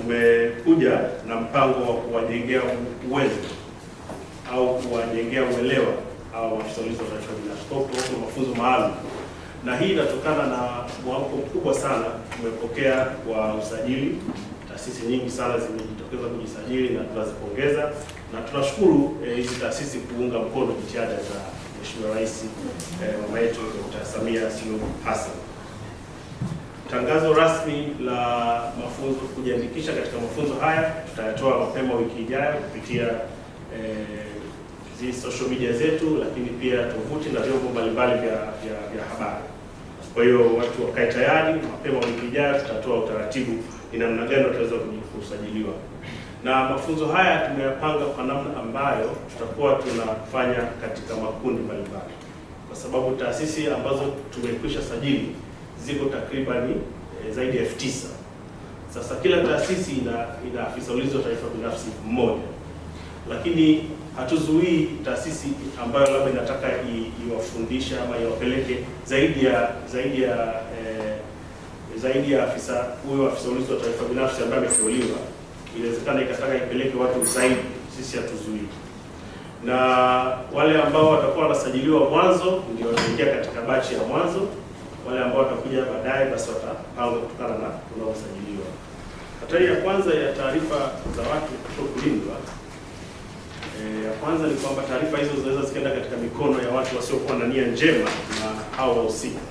tumekuja na mpango wa kuwajengea uwezo au kuwajengea uelewa au afisa ulinzi wananchi wa binafsi kwa kutoa mafunzo maalum, na hii inatokana na mwamko mkubwa sana tumepokea kwa usajili. Taasisi nyingi sana zimejitokeza kujisajili na tunazipongeza na tunashukuru eh, hizi eh, taasisi kuunga mkono jitihada za Mheshimiwa Rais eh, mama yetu Dr. Samia Suluhu Hassan. Tangazo rasmi la mafunzo kujiandikisha katika mafunzo haya tutayatoa mapema wiki ijayo kupitia eh, social media zetu, lakini pia tovuti na vyombo mbalimbali vya, vya, vya habari. Kwa hiyo watu wakae tayari, mapema wiki ijayo tutatoa utaratibu ni namna gani wataweza kusajiliwa, na mafunzo haya tumeyapanga kwa namna ambayo tutakuwa tunafanya katika makundi mbalimbali, kwa sababu taasisi ambazo tumekwisha sajili ziko takribani e, eh, zaidi ya elfu tisa. Sasa kila taasisi ina, ina afisa ulinzi wa taifa binafsi mmoja, lakini hatuzuii taasisi ambayo labda inataka iwafundisha ama iwapeleke zaidi ya zaidi ya e, zaidi ya afisa huyo afisa ulinzi wa taarifa binafsi ambaye ameteuliwa, inawezekana ikataka ipeleke watu zaidi, sisi hatuzuii. Na wale ambao watakuwa wanasajiliwa mwanzo ndio wataingia katika bachi ya mwanzo wale ambao watakuja baadaye basi watapangwa kutokana na unaosajiliwa. Hatari ya kwanza ya taarifa za watu kutokulindwa, e, eh, ya kwanza ni kwamba taarifa hizo zinaweza zikaenda katika mikono ya watu wasiokuwa na nia njema na hao wahusika.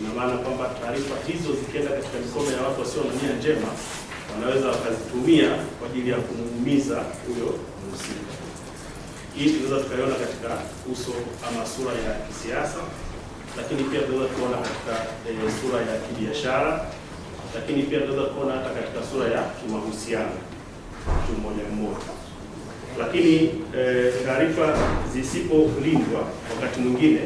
Ina maana kwamba taarifa hizo zikienda katika mikono ya watu wasio na nia njema, wanaweza wakazitumia kwa ajili ya kumuumiza huyo mhusika. Hii tunaweza tukaiona katika uso ama sura ya kisiasa lakini pia tunaweza kuona katika e, sura ya kibiashara, lakini pia tunaweza kuona hata katika sura ya kimahusiano mtu mmoja mmoja. Lakini e, taarifa zisipolindwa wakati mwingine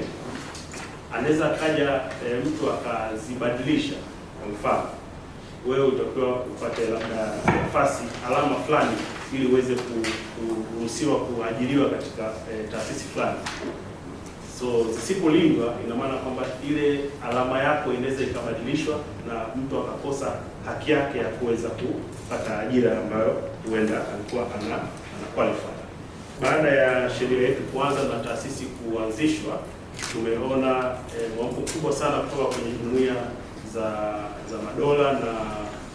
anaweza akaja e, mtu akazibadilisha. Kwa mfano, wewe utakiwa upate labda nafasi alama fulani ili uweze kuruhusiwa kuajiriwa katika e, taasisi fulani So zisipolindwa, ina maana kwamba ile alama yako inaweza ikabadilishwa na mtu akakosa haki yake ya kuweza kupata ajira ambayo huenda alikuwa ana, ana qualify. Baada ya sheria yetu kuanza na taasisi kuanzishwa, tumeona eh, mwamko mkubwa sana kutoka kwenye jumuiya za za madola na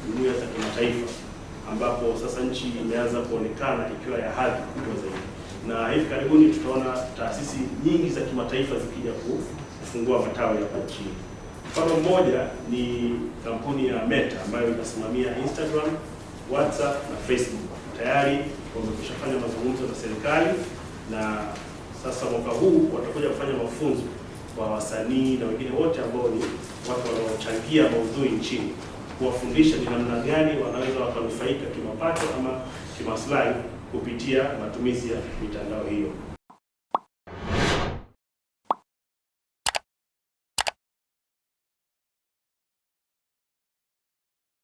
jumuiya za kimataifa ambapo sasa nchi imeanza kuonekana ikiwa ya hadhi kubwa zaidi na hivi karibuni tutaona taasisi nyingi za kimataifa zikija kufungua matawi hapa nchini. Mfano mmoja ni kampuni ya Meta ambayo inasimamia Instagram, WhatsApp na Facebook. Tayari wamekwisha fanya mazungumzo na serikali na sasa mwaka huu watakuja kufanya mafunzo kwa wasanii na wengine wote ambao ni watu wanaochangia maudhui nchini, kuwafundisha ni namna gani wanaweza wakanufaika kimapato ama kimaslahi kupitia matumizi ya mitandao hiyo.